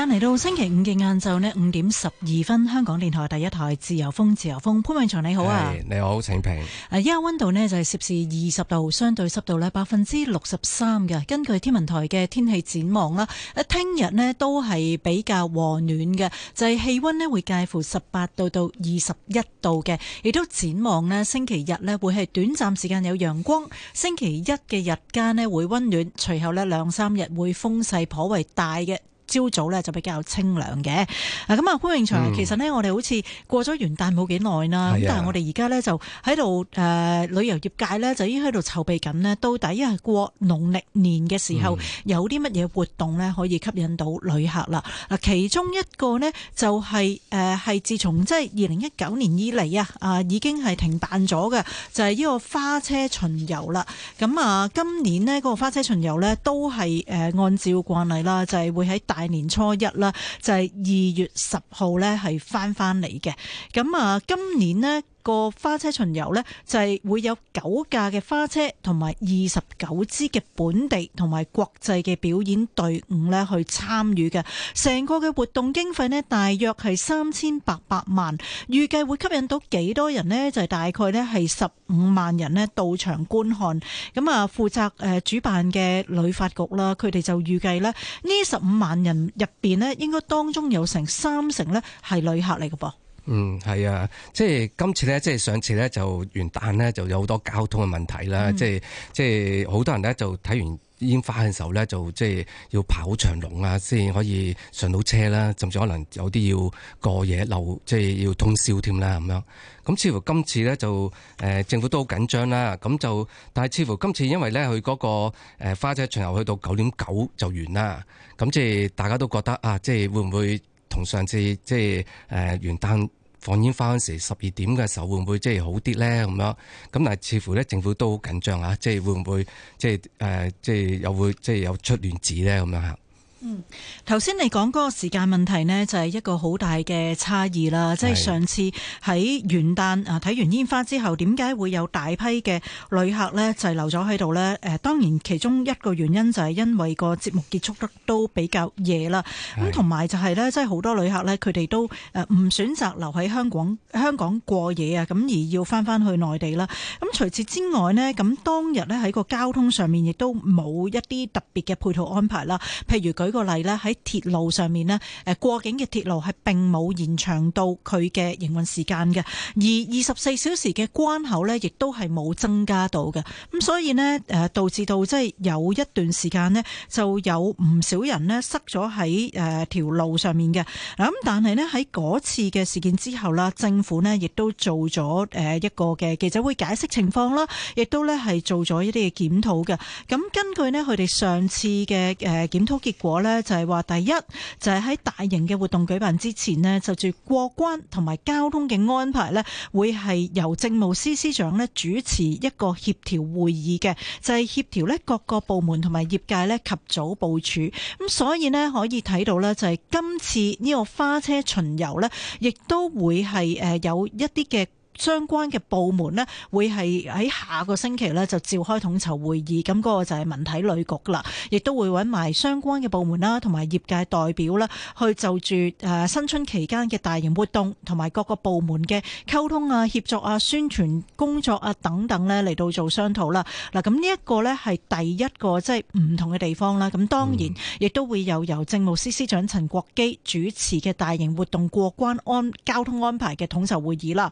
嚟到星期五嘅晏晝呢，五點十二分，香港電台第一台自由風。自由風，潘永祥你好啊，hey, 你好，請評。啊，依家温度呢，就係攝氏二十度，相對濕度呢，百分之六十三嘅。根據天文台嘅天氣展望啦，誒，聽日呢都係比較和暖嘅，就係氣溫呢會介乎十八度到二十一度嘅。亦都展望呢，星期日呢會係短暫時間有陽光，星期一嘅日間呢會温暖，隨後呢兩三日會風勢頗為大嘅。朝早咧就比較清涼嘅，咁啊潘永祥、嗯，其實呢，我哋好似過咗元旦冇幾耐啦，但係我哋而家呢，就喺度誒旅遊業界呢，就已經喺度籌備緊呢。到底係過農曆年嘅時候有啲乜嘢活動呢，可以吸引到旅客啦？嗱、嗯，其中一個呢、就係呃啊，就係誒係自從即係二零一九年以嚟啊啊已經係停辦咗嘅，就係呢個花車巡遊啦。咁啊今年呢嗰、嗰個花車巡遊呢，都係誒按照慣例啦，就係、係、會喺大係年初一啦，就係、是、二月十號咧，係翻翻嚟嘅。咁啊，今年咧。個花車巡遊呢，就係會有九架嘅花車同埋二十九支嘅本地同埋國際嘅表演隊伍呢去參與嘅。成個嘅活動經費呢，大約係三千八百萬。預計會吸引到幾多人呢？就係大概呢係十五萬人呢到場觀看。咁啊，負責誒主辦嘅旅發局啦，佢哋就預計呢，呢十五萬人入面呢，應該當中有成三成呢係旅客嚟㗎噃。嗯，係啊，即係今次咧，即係上次咧，就元旦咧就有好多交通嘅問題啦、嗯，即係即係好多人咧就睇完煙花嘅時候咧，就即係要跑長龍啊，先可以上到車啦，甚至可能有啲要過夜留，即係要通宵添啦，咁樣。咁似乎今次咧就誒、呃、政府都好緊張啦，咁就但係似乎今次因為咧佢嗰個誒花車巡遊去到九點九就完啦，咁即係大家都覺得啊，即係會唔會？同上次即係誒元旦放煙花嗰時十二點嘅時候，時時候會唔會即係好啲咧？咁樣咁，但係似乎咧政府都好緊張啊！即係會唔會即係誒即係又會即係有出亂子咧？咁樣嚇。嗯，頭先你講嗰個時間問題咧，就係一個好大嘅差異啦。即係上次喺元旦啊，睇完煙花之後，點解會有大批嘅旅客咧滯留咗喺度咧？誒，當然其中一個原因就係因為個節目結束得都比較夜啦。咁同埋就係咧，即係好多旅客咧，佢哋都誒唔選擇留喺香港，香港過夜啊，咁而要翻翻去內地啦。咁除此之外咧，咁當日咧喺個交通上面亦都冇一啲特別嘅配套安排啦。譬如佢。呢個例，咧喺鐵路上面呢，誒，過境嘅鐵路係並冇延長到佢嘅營運時間嘅，而二十四小時嘅關口呢，亦都係冇增加到嘅。咁所以呢，誒，導致到即係有一段時間呢，就有唔少人呢，塞咗喺誒條路上面嘅。嗱，咁但係呢，喺嗰次嘅事件之後啦，政府呢，亦都做咗誒一個嘅記者會解釋情況啦，亦都呢係做咗一啲嘅檢討嘅。咁根據呢，佢哋上次嘅誒檢討結果。就係話，第一就係喺大型嘅活動舉辦之前咧，就住過關同埋交通嘅安排咧，會係由政務司司長咧主持一個協調會議嘅，就係協調咧各個部門同埋業界咧及早部署。咁所以呢，可以睇到呢，就係今次呢個花車巡遊呢，亦都會係誒有一啲嘅。相關嘅部門呢會係喺下個星期呢就召開統籌會議，咁嗰個就係文體旅局啦，亦都會揾埋相關嘅部門啦，同埋業界代表啦，去就住誒新春期間嘅大型活動，同埋各個部門嘅溝通啊、協助啊、宣傳工作啊等等呢嚟到做商討啦。嗱，咁呢一個呢係第一個即係唔同嘅地方啦。咁當然亦都會有由政務司司長陳國基主持嘅大型活動過關安交通安排嘅統籌會議啦。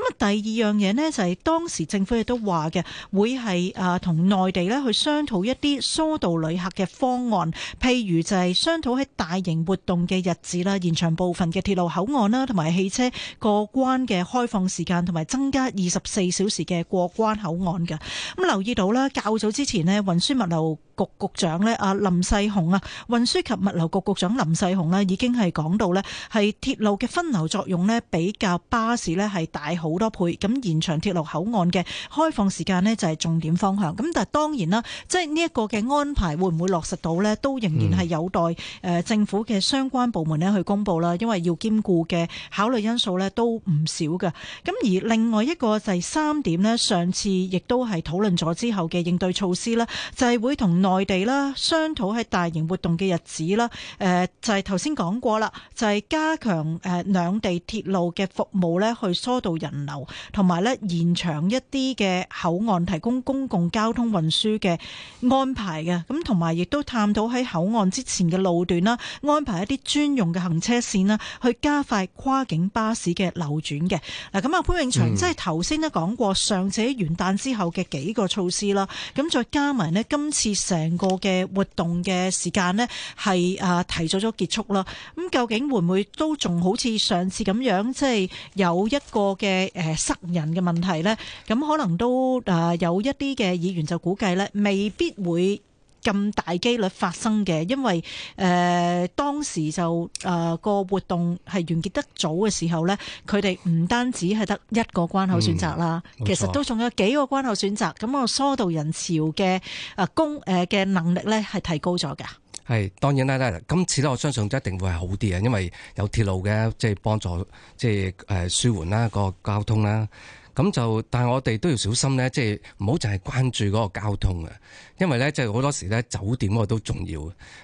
咁啊，第二樣嘢咧就係當時政府亦都話嘅，會係啊同內地咧去商討一啲疏導旅客嘅方案，譬如就係商討喺大型活動嘅日子啦，延長部分嘅鐵路口岸啦，同埋汽車過關嘅開放時間，同埋增加二十四小時嘅過關口岸嘅。咁留意到啦，較早之前咧，運輸物流局局長咧啊林世雄啊，運輸及物流局局長林世雄咧已經係講到咧，係鐵路嘅分流作用咧比較巴士咧係大好好多倍，咁延長鐵路口岸嘅開放時間咧，就係重點方向。咁但係當然啦，即係呢一個嘅安排會唔會落實到咧，都仍然係有待誒政府嘅相關部門咧去公布啦。因為要兼顧嘅考慮因素咧都唔少嘅。咁而另外一個第三點咧，上次亦都係討論咗之後嘅應對措施啦，就係會同內地啦商討喺大型活動嘅日子啦。誒，就係頭先講過啦，就係加強誒兩地鐵路嘅服務咧，去疏導人。流同埋咧，延長一啲嘅口岸提供公共交通運輸嘅安排嘅，咁同埋亦都探討喺口岸之前嘅路段啦，安排一啲專用嘅行車線啦，去加快跨境巴士嘅流轉嘅。嗱，咁啊，潘永祥，即係頭先都講過上次元旦之後嘅幾個措施啦，咁再加埋呢，今次成個嘅活動嘅時間呢，係啊提早咗結束啦。咁究竟會唔會都仲好似上次咁樣，即係有一個嘅？誒、呃、塞人嘅問題呢，咁可能都誒有一啲嘅議員就估計呢，未必會咁大機率發生嘅，因為誒、呃、當時就誒個、呃、活動係完結得早嘅時候呢，佢哋唔單止係得一個關口選擇啦、嗯，其實都仲有幾個關口選擇，咁、嗯、我疏導人潮嘅誒功誒嘅能力呢係提高咗嘅。係當然啦，今次咧，我相信一定會係好啲嘅，因為有鐵路嘅即係幫助，即係誒舒緩啦個交通啦。咁就但係我哋都要小心咧，即係唔好淨係關注嗰個交通啊。因為咧即係好多時咧酒店我都重要。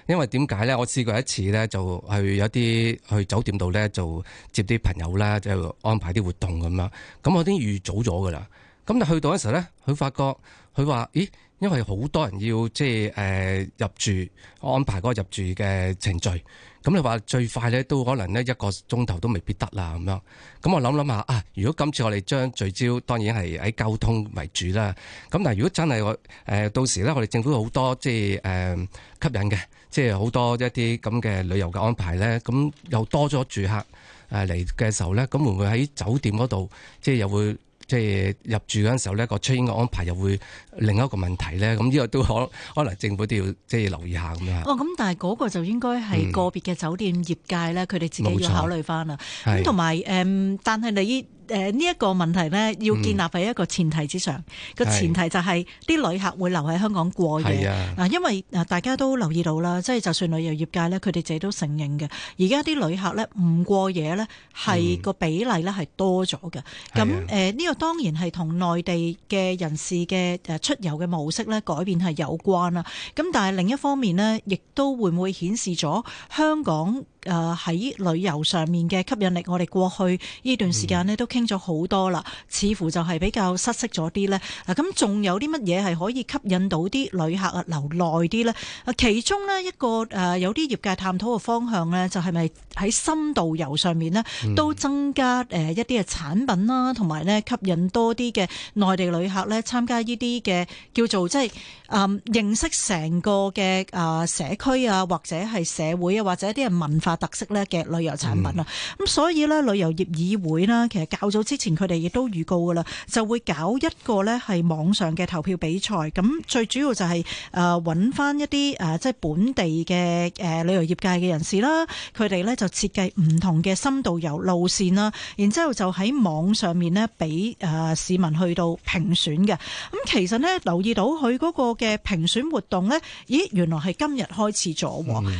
因為點解咧？我試過一次咧，就去有啲去酒店度咧，就接啲朋友啦，就安排啲活動咁樣。咁我已經預早咗噶啦。咁就去到嗰時咧，佢發覺佢話：咦？因為好多人要即係誒入住安排嗰入住嘅程序，咁你話最快咧都可能呢一個鐘頭都未必得啦，咁樣。咁我諗諗下啊，如果今次我哋將聚焦，當然係喺交通為主啦。咁但係如果真係我、呃、到時咧，我哋政府好多即係誒吸引嘅，即係好多一啲咁嘅旅遊嘅安排咧，咁又多咗住客嚟嘅時候咧，咁會唔會喺酒店嗰度即係又會？即係入住嗰陣時候呢個出 r a 嘅安排又會另一個問題咧，咁呢個都可可能政府都要即係留意下咁樣哦，咁但係嗰個就應該係個別嘅酒店業界咧，佢、嗯、哋自己要考慮翻啦。咁同埋誒，但係你。誒呢一個問題咧，要建立喺一個前提之上。個、嗯、前提就係啲旅客會留喺香港過夜嗱、啊，因為大家都留意到啦，即係就算旅遊業界咧，佢哋自己都承認嘅。而家啲旅客咧唔過夜咧，係個比例咧係多咗嘅。咁誒呢個當然係同內地嘅人士嘅誒出遊嘅模式咧改變係有關啦。咁但係另一方面呢，亦都會唔會顯示咗香港？誒、呃、喺旅遊上面嘅吸引力，我哋過去呢段時間咧都傾咗好多啦，似乎就係比較失色咗啲呢。嗱，咁、呃、仲有啲乜嘢係可以吸引到啲旅客啊留耐啲呢？啊，其中呢一個誒、呃、有啲業界探討嘅方向呢，就係咪喺深度遊上面呢都增加誒一啲嘅產品啦，同埋呢吸引多啲嘅內地旅客呢參加呢啲嘅叫做即係誒、嗯、認識成個嘅誒、呃、社區啊，或者係社會啊，或者一啲嘅文化。特色咧嘅旅遊產品啦，咁、嗯、所以咧旅遊業議會咧，其實較早之前佢哋亦都預告噶啦，就會搞一個咧係網上嘅投票比賽，咁最主要就係誒搵翻一啲誒、呃、即係本地嘅誒、呃、旅遊業界嘅人士啦，佢哋咧就設計唔同嘅深度遊路線啦，然之後就喺網上面咧俾誒市民去到評選嘅。咁其實咧留意到佢嗰個嘅評選活動咧，咦原來係今日開始咗，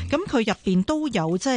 咁佢入邊都有即係。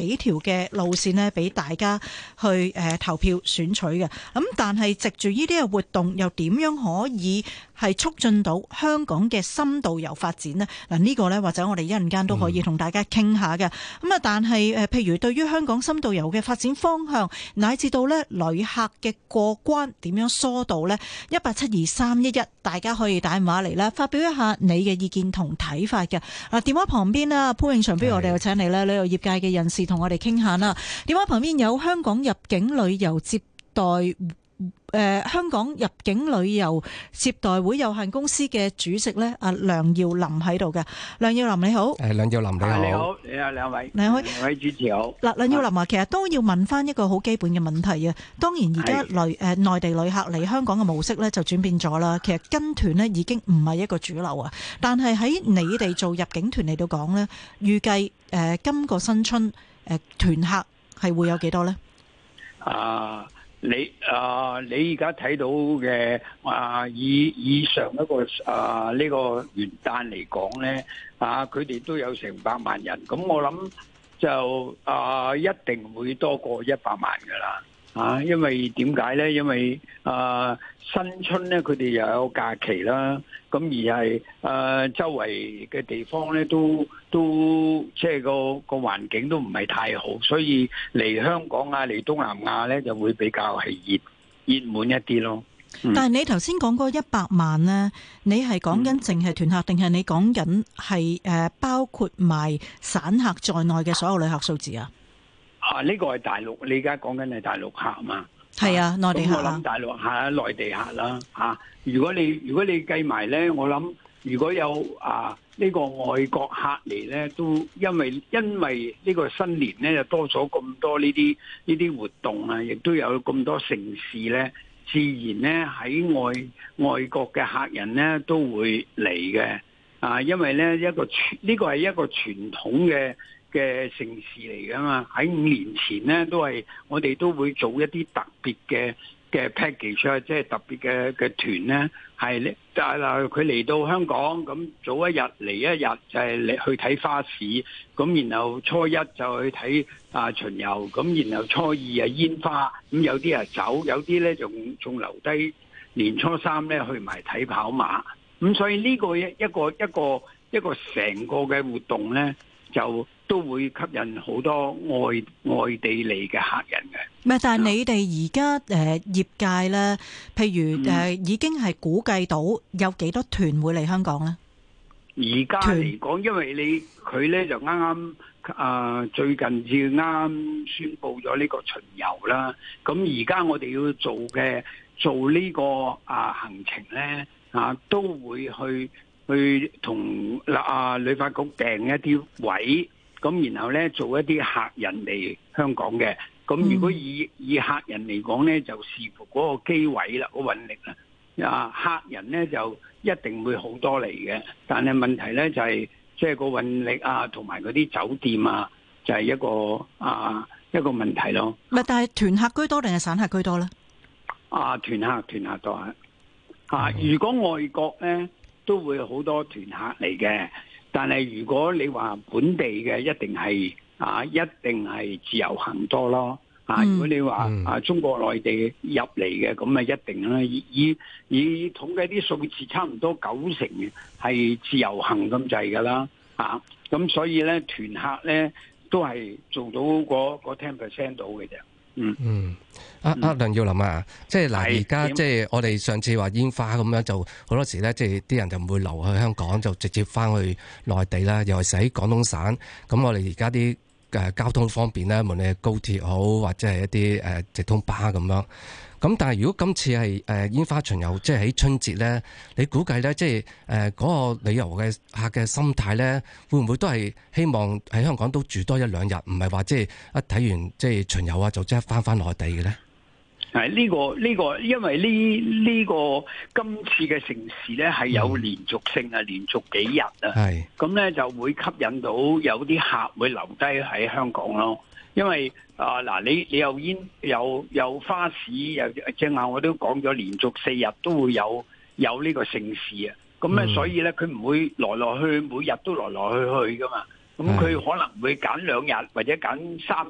幾條嘅路線呢俾大家去誒投票選取嘅。咁但係藉住呢啲嘅活動，又點樣可以係促進到香港嘅深度遊發展呢？嗱，這，呢個呢，或者我哋一陣間都可以同大家傾下嘅。咁啊，但係誒，譬如對於香港深度遊嘅發展方向，乃至到呢旅客嘅過關點樣疏導呢？一八七二三一一，大家可以打電話嚟啦，發表一下你嘅意見同睇法嘅。嗱，電話旁邊啊，潘永祥，不如我哋又請你呢旅遊業界嘅人士。同我哋傾下啦。電話旁邊有香港入境旅遊接待誒香港入境旅遊接待會有限公司嘅主席咧，阿梁耀霖喺度嘅。梁耀霖你好，誒梁耀霖你好，你好，你好兩位，兩位，兩位主持好。嗱，梁耀霖啊，其實都要問翻一個好基本嘅問題啊。當然而家旅誒內地旅客嚟香港嘅模式咧就轉變咗啦。其實跟團咧已經唔係一個主流啊。但係喺你哋做入境團嚟到講咧，預計誒今個新春。誒團客係會有幾多咧？啊，你啊，你而家睇到嘅啊，以以上一個啊呢個元旦嚟講咧，啊，佢哋都有成百萬人，咁我諗就啊一定會多過一百萬㗎喇。啊，因為點解咧？因為啊，新春咧，佢哋又有假期啦。咁而係誒，周圍嘅地方咧，都都即係個個環境都唔係太好，所以嚟香港啊，嚟東南亞咧，就會比較係熱熱門一啲咯。但係你頭先講過一百萬咧，你係講緊淨係團客，定係你講緊係誒包括埋散客在內嘅所有旅客數字啊？呢、啊呢個係大陸，你而家講緊係大陸客嘛？係啊，內地客。咁、啊、我諗大陸客，內地客啦嚇、啊啊。如果你如果你計埋咧，我諗如果有啊呢、呢個外國客嚟咧，都因為因為呢個新年咧就多咗咁多呢啲呢啲活動啊，亦都有咁多城市咧，自然咧喺外外國嘅客人咧都會嚟嘅。啊，因為咧一個傳呢、呢個係一個傳統嘅。嘅城市嚟噶嘛，喺五年前咧，都係我哋都會做一啲特別嘅嘅 package 出，啊，即係特別嘅嘅團咧，係啊嗱，佢嚟到香港咁早一日嚟一日就係你去睇花市，咁然後初一就去睇啊巡遊，咁然後初二啊煙花，咁有啲啊走，有啲咧仲仲留低年初三咧去埋睇跑馬，咁所以呢個一一個一個一個成個嘅活動咧就。都會吸引好多外外地嚟嘅客人嘅。唔係，但係你哋而家誒業界咧，譬如誒已經係估計到有幾多團會嚟香港咧？而家嚟講，因為你佢咧就啱啱誒最近至啱宣布咗呢個巡遊啦。咁而家我哋要做嘅做呢個啊行程咧啊，都會去去同啊旅發局訂一啲位。咁然後咧做一啲客人嚟香港嘅，咁如果以以客人嚟講咧，就視乎嗰個機位啦，個運力啦，啊客人咧就一定會好多嚟嘅，但係問題咧就係即係個運力啊，同埋嗰啲酒店啊，就係一個啊一個問題咯。唔係，但係團客居多定係散客居多咧？啊，團客團客多啊！啊，如果外國咧都會好多團客嚟嘅。但係如果你話本地嘅，一定係啊，一定係自由行多咯啊！如果你話啊，中國內地入嚟嘅，咁啊一定啦，以以以統計啲數字差唔多九成係自由行咁滯㗎喇啊！咁所以呢團客呢都係做到嗰嗰 ten percent 到嘅啫。嗯嗯，阿、啊、阿梁耀霖啊，嗯、即係嗱，而、啊、家即係我哋上次話煙花咁樣，就好多時咧，即係啲人就唔會留去香港，就直接翻去內地啦，又係使廣東省。咁我哋而家啲誒交通方便啦，無論係高鐵好，或者係一啲誒、呃、直通巴咁樣。咁但係如果今次係誒煙花巡遊，即係喺春節咧，你估計咧，即係誒嗰個旅遊嘅客嘅心態咧，會唔會都係希望喺香港都住多一兩日，唔係話即係一睇完即係巡遊啊，就即刻返返內地嘅咧？係呢個呢個，因為呢呢個今次嘅城市咧係有連續性啊、嗯，連續幾日啊，係咁咧就會吸引到有啲客會留低喺香港咯。因為啊嗱、呃，你你又煙又有花市，又正話我都講咗，連續四日都會有有呢個盛事啊。咁、嗯、咧，所以咧，佢唔會來來去每日都來來去去噶嘛。咁、嗯、佢、嗯、可能會揀兩日，或者揀三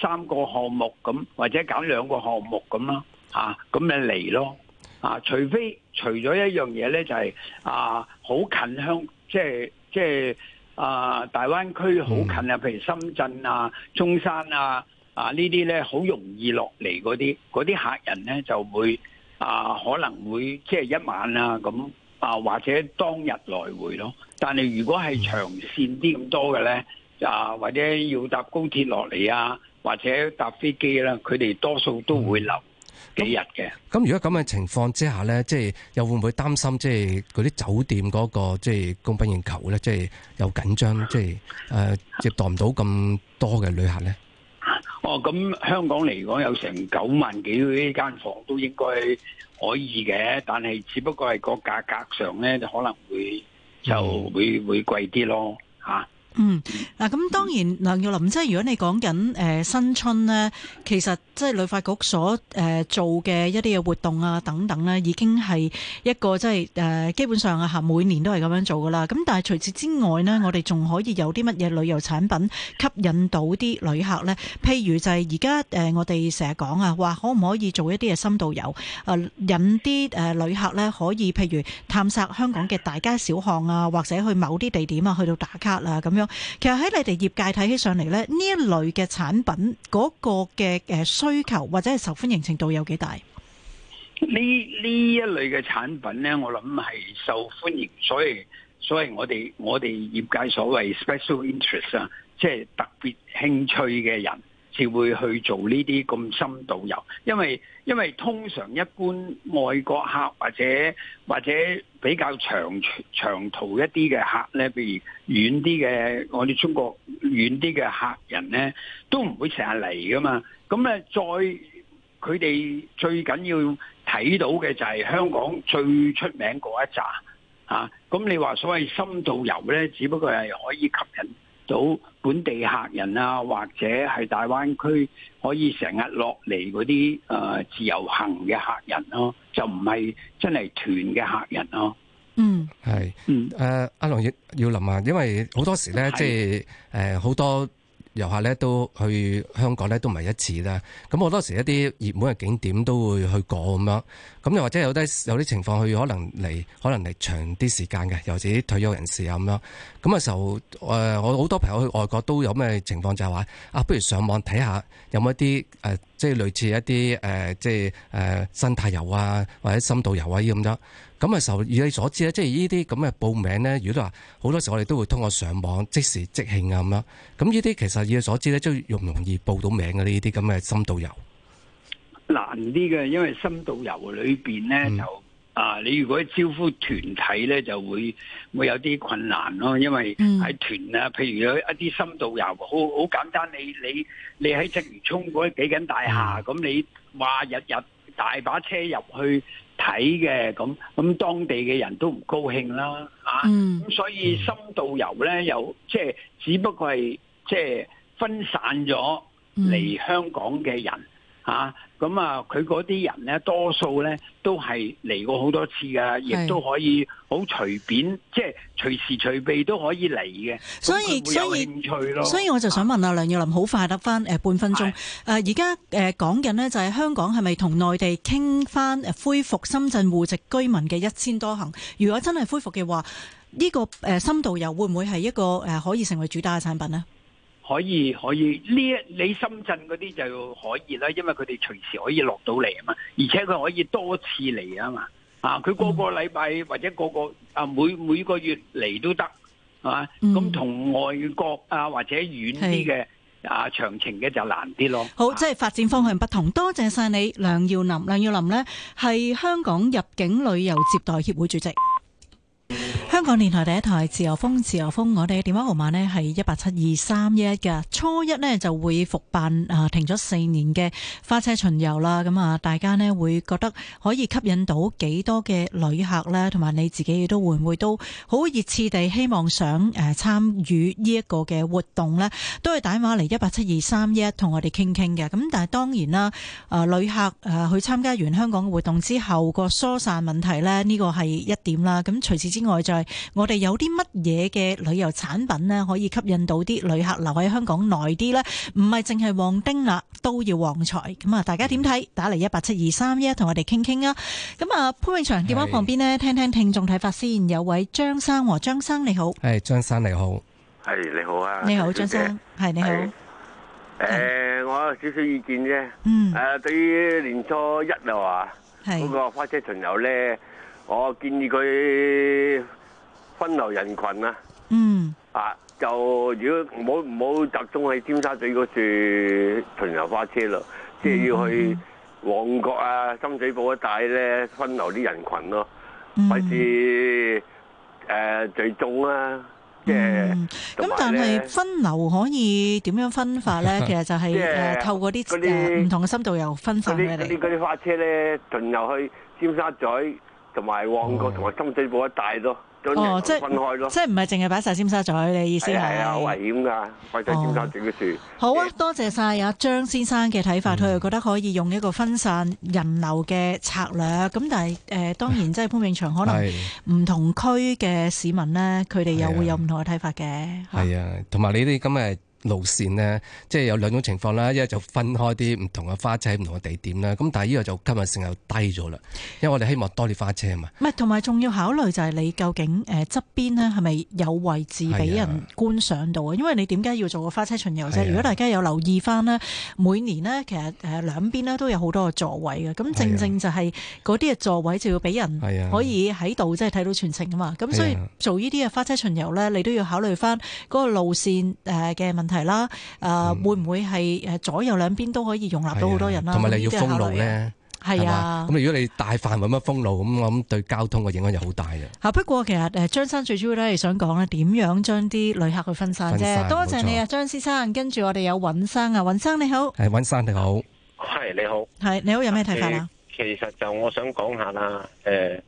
三個項目咁，或者揀兩個項目咁啦。嚇、啊，咁咪嚟咯。啊，除非除咗一樣嘢咧，就係、是、啊，好近香，即係即係。啊、uh，大灣區好近啊，譬如深圳啊、中山啊，啊呢啲咧，好容易落嚟嗰啲，嗰啲客人咧就會啊，可能會即係一晚啊咁啊，或者當日來回咯。但係如果係長線啲咁多嘅咧，啊或者要搭高鐵落嚟啊，或者搭飛機啦，佢哋多數都會留幾日嘅？咁如果咁嘅情況之下咧，即係又會唔會擔心即係嗰啲酒店嗰個即係供不應求咧？即係有緊張，即係誒接待唔到咁多嘅旅客咧？哦，咁香港嚟講有成九萬幾呢間房都應該可以嘅，但係只不過係個價格上咧就可能會就會會貴啲咯嚇。嗯，嗱，咁當然梁耀霖，即、就、係、是、如果你講緊誒新春咧，其實即係旅發局所誒、呃、做嘅一啲嘅活動啊等等咧、啊，已經係一個即係誒基本上啊，吓每年都係咁樣做噶啦。咁但係除此之外咧，我哋仲可以有啲乜嘢旅遊產品吸引到啲旅客咧？譬如就係而家誒我哋成日講啊，話可唔可以做一啲嘅深度遊誒、啊、引啲誒旅客咧可以，譬如探索香港嘅大街小巷啊，或者去某啲地點啊，去到打卡啦、啊、咁樣。其實喺你哋業界睇起上嚟咧，呢一類嘅產品嗰個嘅誒需求或者係受歡迎程度有幾大？呢呢一類嘅產品咧，我諗係受歡迎，所以所以我哋我哋業界所謂 special interest 啊，即係特別興趣嘅人。會會去做呢啲咁深度遊，因為因為通常一般外國客或者或者比較長長途一啲嘅客咧，譬如遠啲嘅我哋中國遠啲嘅客人咧，都唔會成日嚟噶嘛。咁咧再佢哋最緊要睇到嘅就係香港最出名嗰一扎啊！咁你話所謂深度遊咧，只不過係可以吸引到。本地客人啊，或者係大灣區可以成日落嚟嗰啲誒自由行嘅客人咯，就唔係真係團嘅客人咯。嗯，係，嗯、呃、誒，阿龍要要諗下，因為好多時咧，即係誒好多遊客咧都去香港咧都唔係一次啦。咁好多時一啲熱門嘅景點都會去過咁樣。咁又或者有啲有啲情況，佢可能嚟，可能嚟長啲時間嘅，尤其啲退休人士啊咁樣。咁嘅時候，誒我好多朋友去外國都有咩情況？就係話啊，不如上網睇下有冇一啲、呃、即係類似一啲誒、呃，即係誒、呃、生態遊啊，或者深度遊啊咁樣。咁嘅時候，以你所知咧，即係呢啲咁嘅報名咧，如果話好多時候我哋都會通過上網即時即興啊咁啦。咁呢啲其實以你所知咧，即係容唔容易報到名嘅呢啲咁嘅深度遊？難啲嘅，因為深度遊裏邊咧、嗯、就啊，你如果招呼團體咧，就會會有啲困難咯。因為喺團啊，譬如有一啲深度遊，好好簡單。你你你喺鰂魚涌嗰幾間大廈，咁、嗯、你話日日大把車入去睇嘅，咁咁當地嘅人都唔高興啦，啊，咁、嗯、所以深度遊咧，又即係只不過係即係分散咗嚟香港嘅人。嗯嗯啊，咁啊，佢嗰啲人咧，多數咧都係嚟過好多次噶亦都可以好隨便，即係隨時隨地都可以嚟嘅。所以所以所以我就想問了啊，梁耀霖，好快得翻誒，半分鐘誒，而家誒講緊咧，啊呃、的就係香港係咪同內地傾翻誒恢復深圳戶籍居民嘅一千多行？如果真係恢復嘅話，呢、這個誒深度遊會唔會係一個誒可以成為主打嘅產品咧？可以可以，呢一你深圳嗰啲就可以啦，因為佢哋隨時可以落到嚟啊嘛，而且佢可以多次嚟啊嘛，啊佢個個禮拜或者個個啊每每個月嚟都得，係、啊、嘛？咁同外國啊或者遠啲嘅、嗯、啊長、啊、程嘅就難啲咯。好，啊、即係發展方向不同。多謝晒你梁耀霖，梁耀霖咧係香港入境旅遊接待協會主席。香港電台第一台自由風，自由風，我哋嘅電話號碼呢，係一八七二三一一嘅。初一呢，就會復辦誒停咗四年嘅花車巡遊啦。咁啊，大家呢，會覺得可以吸引到幾多嘅旅客呢？同埋你自己亦都會唔會都好熱切地希望想誒參與呢一個嘅活動呢？都係打電話嚟一八七二三一一同我哋傾傾嘅。咁但係當然啦，誒、呃、旅客誒、呃、去參加完香港嘅活動之後個疏散問題呢，呢個係一點啦。咁隨時。之外，就係我哋有啲乜嘢嘅旅遊產品咧？可以吸引到啲旅客留喺香港耐啲咧？唔係淨係旺丁啦，都要旺財。咁啊，大家點睇？打嚟一八七二三一，同我哋傾傾啊！咁啊，潘永祥電話旁邊咧，聽聽聽眾睇法先。有位張生和張生，你好，係張生你好，係你好啊，你好張生，係你好。誒，我有少少意見啫。嗯。誒，對於年初一啊，話，嗰個花車巡遊咧。我建議佢分流人羣啊，嗯啊，就如果唔好唔好集中喺尖沙咀嗰處巡遊花車咯，即係要去旺角啊、深水埗一帶咧分流啲人羣咯，費事誒聚眾啦，即係咁。但係分流可以點樣分法咧？其實就係誒透過啲誒唔同嘅深度遊分法嘅。啲嗰啲花車咧，巡遊去尖沙咀，同埋旺角同埋深水埗一帶咯，即佢分開咯，即係唔係淨係擺晒尖沙咀你意思係？係啊，危險㗎，擺曬尖沙咀嘅樹、哦。好啊，多謝晒阿張先生嘅睇法，佢、嗯、又覺得可以用一個分散人流嘅策略。咁但係誒、呃，當然即係潘永祥可能唔同區嘅市民咧，佢哋又會有唔同嘅睇法嘅。係啊，同埋、啊啊、你哋咁嘅路線呢，即係有兩種情況啦，一係就分開啲唔同嘅花車喺唔同嘅地點啦。咁但係呢個就今日性又低咗啦，因為我哋希望多啲花車啊嘛。唔係，同埋仲要考慮就係你究竟誒側邊咧係咪有位置俾人觀賞到啊？因為你點解要做個花車巡遊啫、啊？如果大家有留意翻，啦，每年咧其實誒兩邊咧都有好多個座位嘅。咁正正就係嗰啲嘅座位就要俾人可以喺度即係睇到全程啊嘛。咁所以做呢啲嘅花車巡遊咧，你都要考慮翻嗰個路線誒嘅問題。問題啦，誒，會唔會係誒左右兩邊都可以容納到好多人啦？同埋你要封路咧，係啊。咁如果你大範圍乜封路，咁我諗對交通嘅影響就好大啦。吓，不過其實誒，張生最主要咧係想講咧，點樣將啲旅客去分散啫。多謝你啊，張先生。跟住我哋有尹生啊，尹生你好。係尹生你好，係你好，係你好，有咩睇法啊？其實就我想講下啦，誒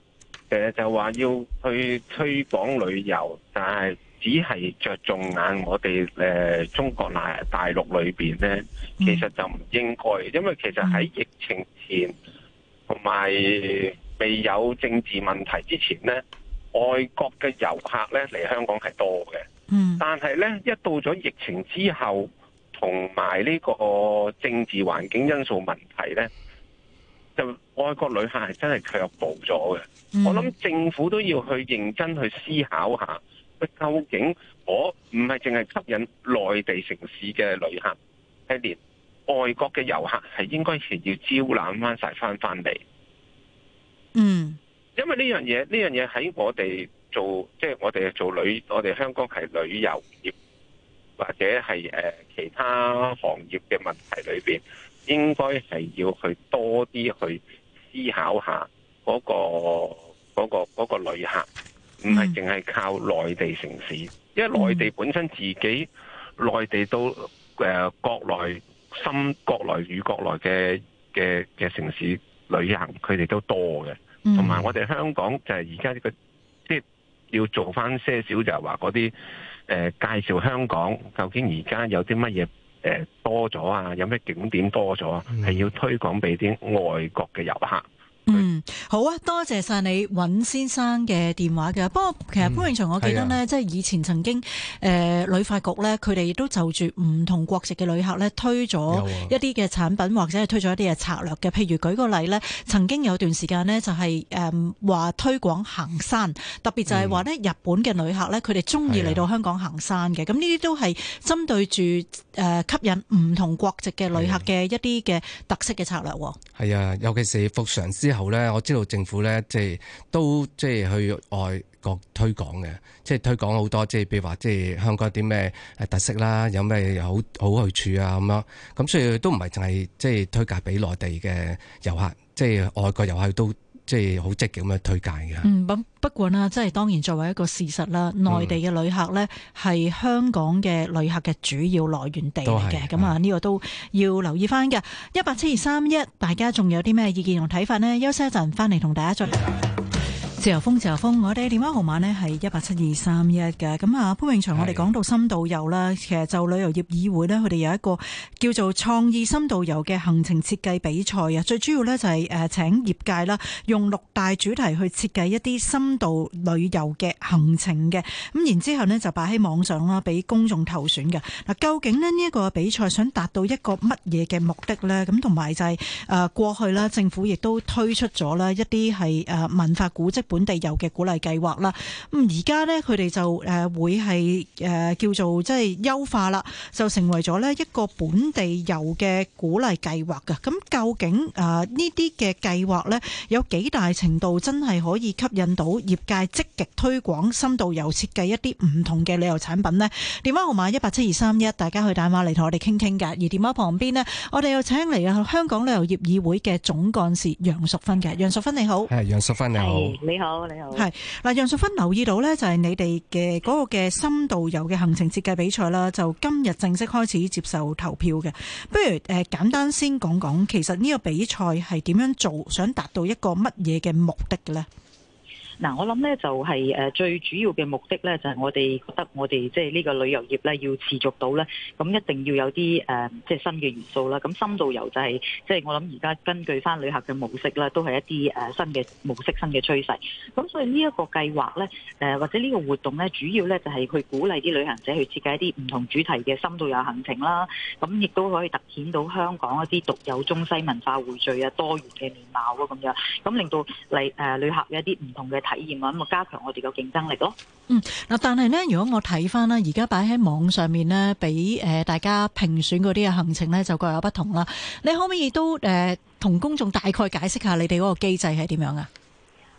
誒，就話要去推廣旅遊，但係。只係着重眼我哋誒中國大陸裏邊呢，其實就唔應該，因為其實喺疫情前同埋未有政治問題之前呢，外國嘅遊客呢嚟香港係多嘅。但係呢，一到咗疫情之後，同埋呢個政治環境因素問題呢，就外國旅客係真係卻步咗嘅。我諗政府都要去認真去思考一下。究竟我唔係淨係吸引內地城市嘅旅客，係連外國嘅遊客係應該係要招攬翻晒翻翻嚟。嗯，因為呢樣嘢，呢樣嘢喺我哋做，即係我哋做旅，我哋香港係旅遊業或者係誒其他行業嘅問題裏邊，應該係要去多啲去思考下嗰個嗰個嗰個旅客。唔係淨係靠內地城市，因為內地本身自己、mm -hmm. 內地到誒、呃、國內深國內與國內嘅嘅嘅城市旅行，佢哋都多嘅。同、mm、埋 -hmm. 我哋香港就係而家呢個即係要做翻些少，就係話嗰啲誒介紹香港究竟而家有啲乜嘢誒多咗啊？有咩景點多咗啊？係、mm -hmm. 要推廣俾啲外國嘅遊客。嗯，好啊，多謝晒你尹先生嘅電話嘅。不過其實潘永祥，我記得咧，即、嗯、係、啊、以前曾經誒旅發局咧，佢哋亦都就住唔同國籍嘅旅客咧，推咗一啲嘅產品，啊、或者係推咗一啲嘅策略嘅。譬如舉個例咧，曾經有段時間咧、就是，就係誒話推廣行山，特別就係話咧日本嘅旅客咧，佢哋中意嚟到香港行山嘅。咁呢啲都係針對住誒、呃、吸引唔同國籍嘅旅客嘅一啲嘅特色嘅策略。係啊，尤其是復常之後後咧，我知道政府咧，即係都即係去外國推廣嘅，即係推廣好多，即係譬如話，即係香港啲咩特色啦，有咩好好去處啊，咁樣，咁所以都唔係淨係即係推介俾內地嘅遊客，即係外國遊客都。即係好積極咁樣推介嘅。嗯，咁不過啦，即係當然作為一個事實啦，內地嘅旅客咧，係香港嘅旅客嘅主要來源地嚟嘅。咁、嗯、啊，呢、嗯、個都要留意翻嘅。一八七二三一，大家仲有啲咩意見同睇法呢？休息一陣，翻嚟同大家再。嗯自由風，自由風，我哋嘅電話號碼呢係一八七二三一嘅。咁啊，潘永祥，我哋講到深度遊啦，其實就旅遊業議會呢，佢哋有一個叫做創意深度遊嘅行程設計比賽啊。最主要呢，就係誒請業界啦，用六大主題去設計一啲深度旅遊嘅行程嘅。咁然之後呢，就擺喺網上啦，俾公眾投選嘅。嗱，究竟呢呢一個比賽想達到一個乜嘢嘅目的呢？咁同埋就係誒過去啦，政府亦都推出咗啦一啲係誒文化古蹟。本地遊嘅鼓勵計劃啦，咁而家呢，佢哋就誒會係誒叫做即係優化啦，就成為咗呢一個本地遊嘅鼓勵計劃噶。咁究竟誒呢啲嘅計劃呢，有幾大程度真係可以吸引到業界積極推廣深度遊，設計一啲唔同嘅旅遊產品呢？電話號碼一八七二三一，大家去打電話嚟同我哋傾傾噶。而電話旁邊呢，我哋又請嚟啊香港旅遊業議會嘅總幹事楊淑芬嘅，楊淑芬你好。係，楊淑芬你好。你好，你好。係嗱，楊淑芬，留意到呢就係、是、你哋嘅嗰個嘅深度遊嘅行程設計比賽啦，就今日正式開始接受投票嘅。不如誒、呃，簡單先講講，其實呢個比賽係點樣做，想達到一個乜嘢嘅目的嘅呢？嗱，我諗咧就係最主要嘅目的咧，就係我哋覺得我哋即係呢個旅遊業咧要持續到咧，咁一定要有啲即係新嘅元素啦。咁深度遊就係即係我諗而家根據翻旅客嘅模式啦，都係一啲新嘅模式、新嘅趨勢。咁所以呢一個計劃咧，或者呢個活動咧，主要咧就係去鼓勵啲旅行者去設計一啲唔同主題嘅深度遊行程啦。咁亦都可以突顯到香港一啲獨有中西文化匯聚啊、多元嘅面貌咯。咁樣咁令到嚟旅客有一啲唔同嘅體驗啊，咁加強我哋個競爭力咯。嗯，嗱，但係咧，如果我睇翻啦，而家擺喺網上面咧，俾誒大家評選嗰啲嘅行程咧，就各有不同啦。你可唔可以都誒同、呃、公眾大概解釋下你哋嗰個機制係點樣啊？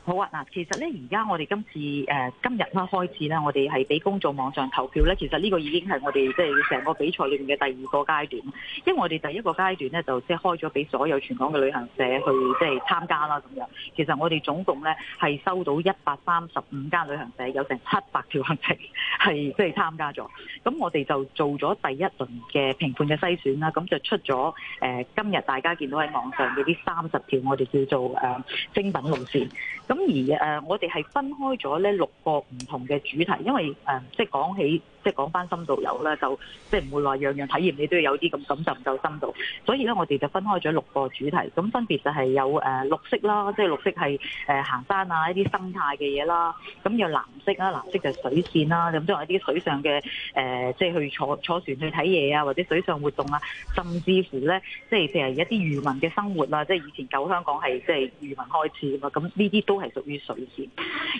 好啊！嗱，其實咧，而家我哋、呃、今次誒今日啦開始呢，我哋係俾公眾網上投票咧。其實呢個已經係我哋即係成個比賽裏面嘅第二個階段，因為我哋第一個階段咧就即係開咗俾所有全港嘅旅行社去即係參加啦咁樣。其實我哋總共咧係收到一百三十五間旅行社，有成七百條行程係即係參加咗。咁我哋就做咗第一輪嘅評判嘅篩選啦。咁就出咗誒、呃、今日大家見到喺網上嘅呢三十條，我哋叫做誒、呃、精品路綫。咁而誒我哋係分開咗呢六個唔同嘅主題，因為誒即係講起，即係講翻深度遊啦，就即係唔會話樣樣體驗，你都要有啲咁，咁就唔夠深度。所以咧，我哋就分開咗六個主題，咁分別就係有綠色啦，即係綠色係行山啊，一啲生態嘅嘢啦。咁有藍色啊，藍色就水線啦，咁即有一啲水上嘅即係去坐坐船去睇嘢啊，或者水上活動啊。甚至乎咧，即係譬如一啲漁民嘅生活啦，即係以前舊香港係即係漁民開始啦。咁呢啲都係屬於水線。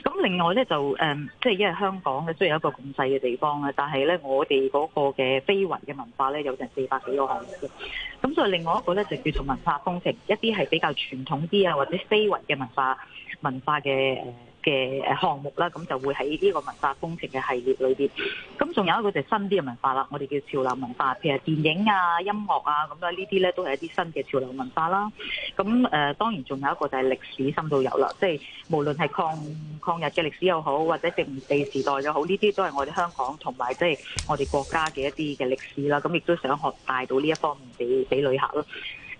咁另外咧就誒，即係因為香港咧，雖然有一個咁細嘅地方但係咧，我哋嗰個嘅非遺嘅文化咧，有成四百幾個項目嘅。咁再另外一個咧，就叫做文化風情，一啲係比較傳統啲啊，或者非遺嘅文化文化嘅誒嘅項目啦，咁就會喺呢個文化工程嘅系列裏面。咁仲有一個就係新啲嘅文化啦，我哋叫潮流文化，譬如電影啊、音樂啊，咁呢啲呢都係一啲新嘅潮流文化啦。咁、呃、當然仲有一個就係歷史深度遊啦，即、就、係、是、無論係抗抗日嘅歷史又好，或者殖民地時代又好，呢啲都係我哋香港同埋即係我哋國家嘅一啲嘅歷史啦。咁亦都想學帶到呢一方面俾俾旅客啦。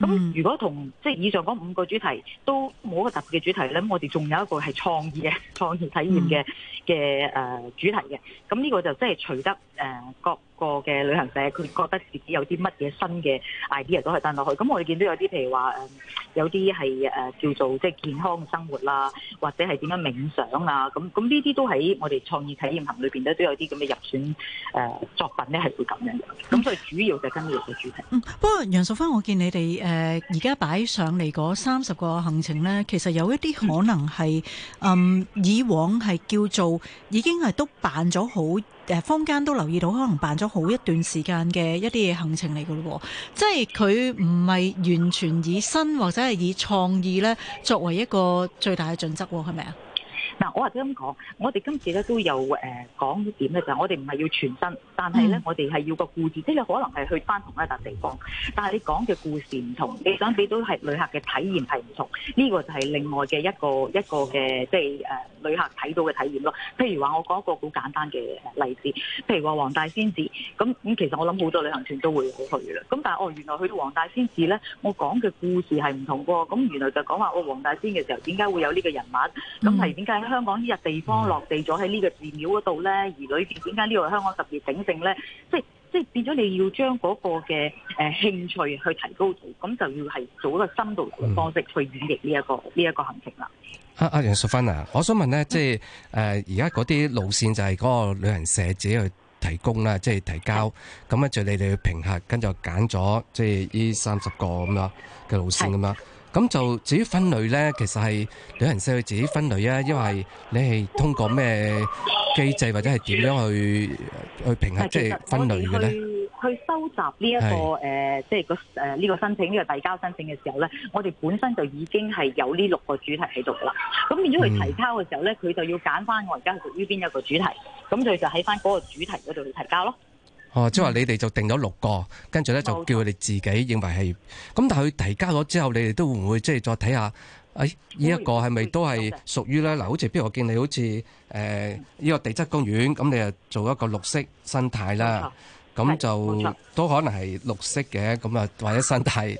咁如果同即係以上嗰五個主題都冇一個特別嘅主題咧，我哋仲有一個係創意嘅創意體驗嘅嘅誒主題嘅。咁呢個就即係除得誒、呃、各個嘅旅行社佢覺得自己有啲乜嘢新嘅 idea 都係登落去，咁我哋見到有啲譬如話誒，有啲係誒叫做即係健康生活啦，或者係點樣冥想啊，咁咁呢啲都喺我哋創意體驗行裏邊咧都有啲咁嘅入選誒作品咧係會咁樣嘅，咁所以主要就係跟住嘅主題、嗯。不過楊淑芬，我見你哋誒而家擺上嚟嗰三十個行程咧，其實有一啲可能係誒、嗯、以往係叫做已經係都辦咗好。誒坊間都留意到，可能辦咗好一段時間嘅一啲嘢行程嚟嘅咯，即係佢唔係完全以新或者係以創意呢作為一個最大嘅準則，係咪啊？嗱、嗯，我或者咁講，我哋今次咧都有誒講點咧就係、是，我哋唔係要全新，但係咧我哋係要個故事，即係可能係去返同一笪地方，但係你講嘅故事唔同，你想俾到係旅客嘅體驗係唔同，呢、這個就係另外嘅一個一個嘅即係誒、呃、旅客睇到嘅體驗咯。譬如話，我講一個好簡單嘅例子，譬如話黃大仙寺，咁咁其實我諗好多旅行團都會去㗎啦。咁但係我、哦、原來去到黃大仙寺咧，我講嘅故事係唔同噃，咁原來就講話我黃大仙嘅時候點解會有呢個人物，咁係點解咧？香港呢日地方落地咗喺呢個寺廟嗰度咧，而裏邊點解呢度香港特別鼎盛咧？即係即係變咗你要將嗰個嘅誒興趣去提高到，咁就要係做一個深度嘅方式去演繹呢一個呢一個行程啦。阿阿楊淑芬啊，我想問咧，即係誒而家嗰啲路線就係嗰個旅行社自己去提供啦，即係提交，咁咧就你哋去評核，跟住就揀咗即係呢三十個咁樣嘅路線咁樣。咁就至於分類咧，其實係旅行社佢自己分類啊，因為你係通過咩機制或者係點樣去去評核即係分類嘅咧？去收集呢一個誒，即係個誒呢個申請呢個遞交申請嘅時候咧，我哋本身就已經係有呢六個主題喺度噶啦。咁變咗佢提交嘅時候咧，佢就要揀翻我而家屬於邊一個主題，咁佢就喺翻嗰個主題嗰度去提交咯。哦，即係話你哋就定咗六個，跟住咧就叫佢哋自己認為係，咁但係佢提交咗之後，你哋都會唔會即係、就是、再睇下，誒呢一個係咪都係屬於咧？嗱，好似譬如我見你好似誒呢個地質公園，咁你啊做一個綠色生態啦，咁、嗯、就都可能係綠色嘅，咁啊或者生態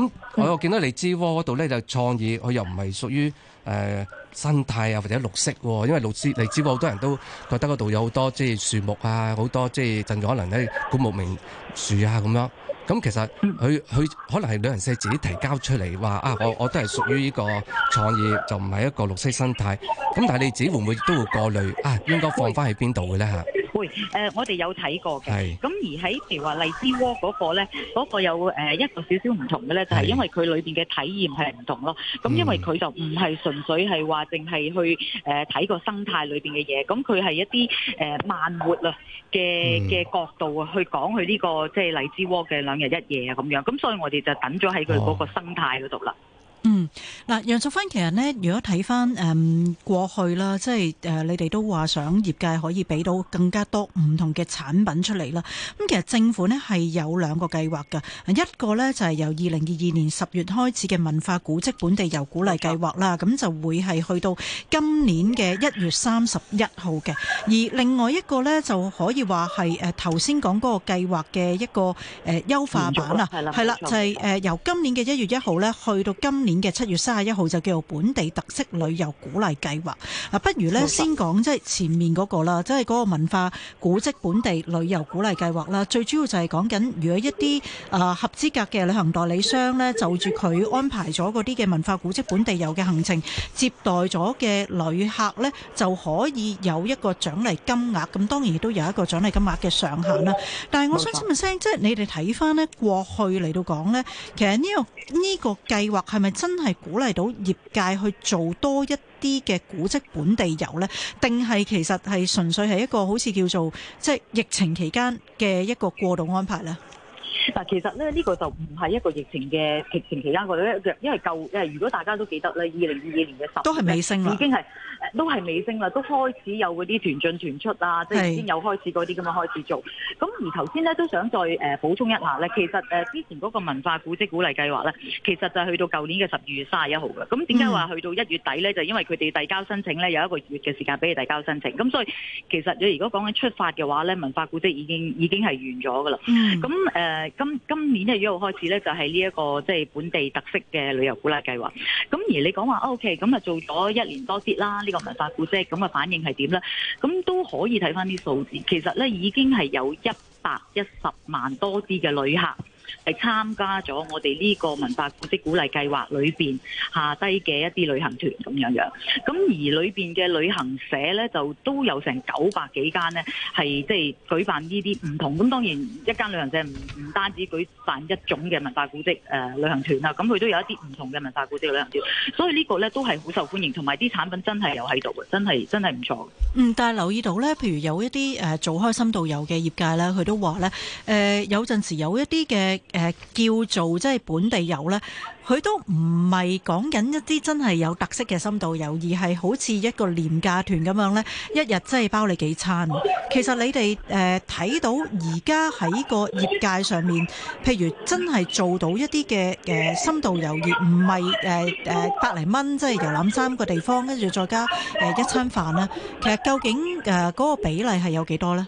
咁我又見到荔枝窩嗰度咧就創意，佢又唔係屬於誒生態啊，或者綠色喎。因為荔枝荔枝窩好多人都覺得嗰度有好多即係樹木啊，好多即係甚至可能係古木名樹啊咁樣。咁其實佢佢可能係旅行社自己提交出嚟話啊，我我都係屬於呢個創意，就唔係一個綠色生態。咁但係你自己會唔會都會過濾啊？應該放翻喺邊度嘅咧嚇？會，誒、呃，我哋有睇過嘅，咁而喺譬如話荔枝窩嗰個咧，嗰、嗰個有誒、呃、一個少少唔同嘅咧、呃呃這個，就係因為佢裏邊嘅體驗係唔同咯。咁因為佢就唔係純粹係話淨係去誒睇個生態裏邊嘅嘢，咁佢係一啲誒慢活啊嘅嘅角度啊，去講佢呢個即係荔枝窩嘅兩日一夜啊咁樣。咁所以我哋就等咗喺佢嗰個生態嗰度啦。哦。嗯，嗱，楊淑芬其實咧，如果睇翻誒過去啦，即係誒、呃、你哋都話想業界可以俾到更加多唔同嘅產品出嚟啦。咁其實政府咧係有兩個計劃嘅，一個咧就係、是、由二零二二年十月開始嘅文化古蹟本地遊鼓勵計劃啦，咁就會係去到今年嘅一月三十一號嘅。而另外一個咧就可以話係誒頭先講個計劃嘅一個誒優化版啦，係啦，就係、是、誒、呃、由今年嘅一月一號咧去到今年。嘅七月三十一號，就叫做本地特色旅遊鼓勵計劃。嗱，不如呢，先講即係前面嗰個啦，即係嗰個文化古蹟本地旅遊鼓勵計劃啦。最主要就係講緊，如果一啲誒合資格嘅旅行代理商呢，就住佢安排咗嗰啲嘅文化古蹟本地遊嘅行程，接待咗嘅旅客呢，就可以有一個獎勵金額。咁當然亦都有一個獎勵金額嘅上限啦。但係我想請問聲，即係你哋睇翻呢過去嚟到講呢，其實呢個呢個計劃係咪真的？真係鼓勵到業界去做多一啲嘅古蹟本地遊呢，定係其實係純粹係一個好似叫做即係疫情期間嘅一個過渡安排呢？嗱，其實咧，呢個就唔係一個疫情嘅疫情期間嘅，因為舊因為如果大家都記得咧，二零二二年嘅十都係尾聲啦，已經係。都係尾聲啦，都開始有嗰啲團進團出啊，即係先有開始嗰啲咁樣開始做。咁而頭先咧都想再誒、呃、補充一下咧，其實誒、呃、之前嗰個文化古蹟鼓勵計劃咧，其實就去到舊年嘅十二月卅一號嘅。咁點解話去到一月底咧？就因為佢哋遞交申請咧，有一個月嘅時間俾你遞交申請。咁所以其實你如果講緊出發嘅話咧，文化古蹟已經已經係完咗㗎啦。咁、嗯、誒、呃、今今年一月一號開始咧，就係呢一個即係、就係、本地特色嘅旅遊鼓勵計劃。咁而你講話 OK，咁啊做咗一年多啲啦，呢個。文化古蹟，咁嘅反應係點咧？咁都可以睇翻啲數字，其實咧已經係有一百一十萬多啲嘅旅客。係參加咗我哋呢個文化古蹟鼓勵計劃裏邊下低嘅一啲旅行團咁樣樣，咁而裏邊嘅旅行社呢，就都有成九百幾間呢，係即係舉辦呢啲唔同。咁當然一間旅行社唔唔單止舉辦一種嘅文化古蹟誒旅行團啦，咁佢都有一啲唔同嘅文化古蹟旅行團。所以呢個呢，都係好受歡迎，同埋啲產品真係有喺度嘅，真係真係唔錯。嗯，但係留意到呢，譬如有一啲誒做開深度遊嘅業界呢，佢都話呢，誒有陣時有一啲嘅。誒叫做即係本地遊，呢佢都唔係講緊一啲真係有特色嘅深度遊，而係好似一個廉價團咁樣呢，一日真係包你幾餐。其實你哋誒睇到而家喺個業界上面，譬如真係做到一啲嘅誒深度遊，而唔係誒誒百零蚊，即係遊覽三個地方，跟住再加誒一餐飯咧。其實究竟誒嗰個比例係有幾多呢？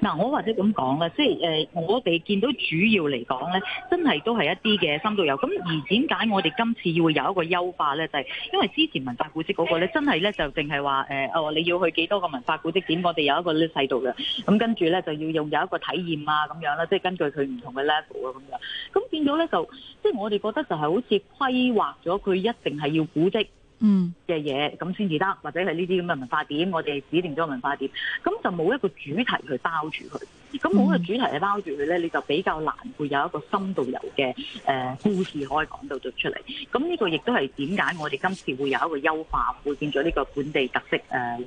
嗱、啊，我或者咁講啦，即係、呃、我哋見到主要嚟講咧，真係都係一啲嘅深度遊。咁而點解我哋今次要會有一個優化咧？就係、是、因為之前文化古蹟嗰個咧，真係咧就淨係話誒，哦你要去幾多個文化古蹟點？我哋有一個細度呢度嘅。咁跟住咧就要用有一個體驗啊咁樣啦，即係根據佢唔同嘅 level 咯咁樣。咁變咗咧就，即係我哋覺得就係好似規劃咗佢一定係要古蹟。嗯嘅嘢咁先至得，或者係呢啲咁嘅文化點，我哋指定咗文化點，咁就冇一個主題去包住佢，咁冇個主題去包住佢咧，你就比較難會有一個深度遊嘅誒故事可以講到到出嚟。咁呢個亦都係點解我哋今次會有一個優化，會變咗呢個本地特色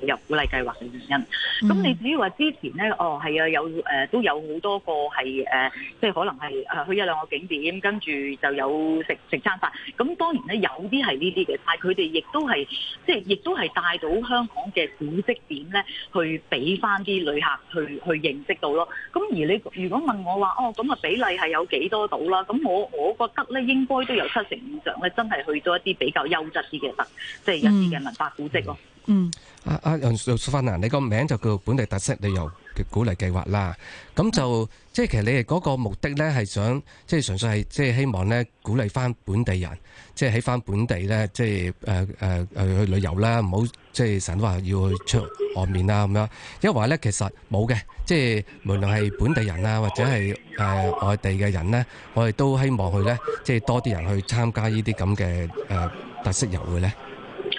旅遊鼓勵計劃嘅原因。咁你只要話之前咧，哦係啊，有都有好多個係、呃、即係可能係去一兩個景點，跟住就有食食餐飯。咁當然咧有啲係呢啲嘅，但係佢哋亦都係即係，亦都係帶到香港嘅古蹟點咧，去俾翻啲旅客去去認識到咯。咁而你如果問我話，哦咁啊比例係有幾多度啦？咁我我覺得咧應該都有七成以上咧，真係去咗一啲比較優質啲嘅特，即係一啲嘅文化古蹟咯。嗯。嗯阿阿楊淑芬啊，你個名就叫本地特色旅遊嘅鼓勵計劃啦。咁就即係其實你哋嗰個目的咧，係想即係純粹係即係希望咧鼓勵翻本地人，即係喺翻本地咧，即係誒誒誒去旅遊啦，唔好即係成日話要去出外面啊咁樣。因為話咧，其實冇嘅，即係無論係本地人啊，或者係誒外地嘅人咧，我哋都希望佢咧，即係多啲人去參加依啲咁嘅誒特色遊會咧。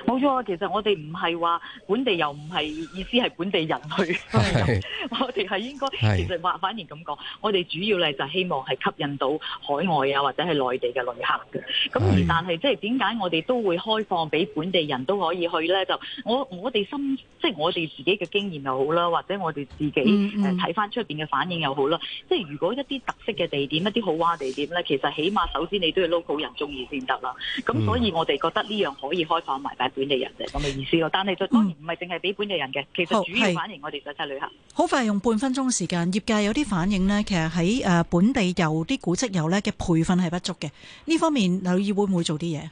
冇錯，其實我哋唔係話本地，又唔係意思係本地人去。我哋係應該，其實話反而咁講，我哋主要咧就希望係吸引到海外啊，或者係內地嘅旅客嘅。咁而但係即係點解我哋都會開放俾本地人都可以去咧？就我我哋心，即係我哋自己嘅經驗又好啦，或者我哋自己誒睇翻出面嘅反應又好啦。即係如果一啲特色嘅地點、一啲好玩嘅地點咧，其實起碼首先你都要 local 人中意先得啦。咁所以我哋覺得呢樣可以開放埋。本地人嘅咁嘅意思咯，但係就當然唔係淨係俾本地人嘅，嗯，其實主要反映我哋在曬旅行。好快用半分鐘時間，業界有啲反映呢，其實喺誒本地有啲古跡遊咧嘅培訓係不足嘅，呢方面旅議會唔會做啲嘢？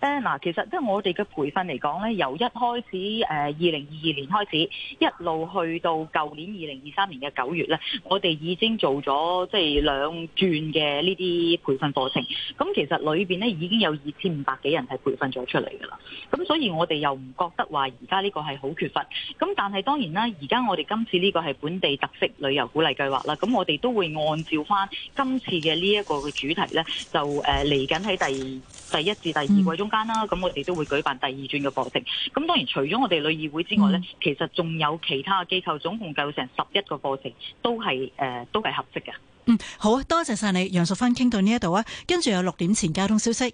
誒嗱，其實即係我哋嘅培訓嚟講咧，由一開始誒二零二二年開始，一路去到舊年二零二三年嘅九月咧，我哋已經做咗即係兩轉嘅呢啲培訓課程。咁其實裏邊咧已經有二千五百幾人係培訓咗出嚟㗎啦。咁所以我哋又唔覺得話而家呢個係好缺乏。咁但係當然啦，而家我哋今次呢個係本地特色旅遊鼓勵計劃啦。咁我哋都會按照翻今次嘅呢一個嘅主題咧，就誒嚟緊喺第第一至第二季中間啦，咁、嗯、我哋都會舉辦第二轉嘅課程。咁當然除咗我哋旅議會之外呢、嗯，其實仲有其他嘅機構，總共,共有成十一個課程，都係誒、呃、都係合適嘅。嗯，好啊，多謝晒你楊淑芬傾到呢一度啊，跟住有六點前交通消息。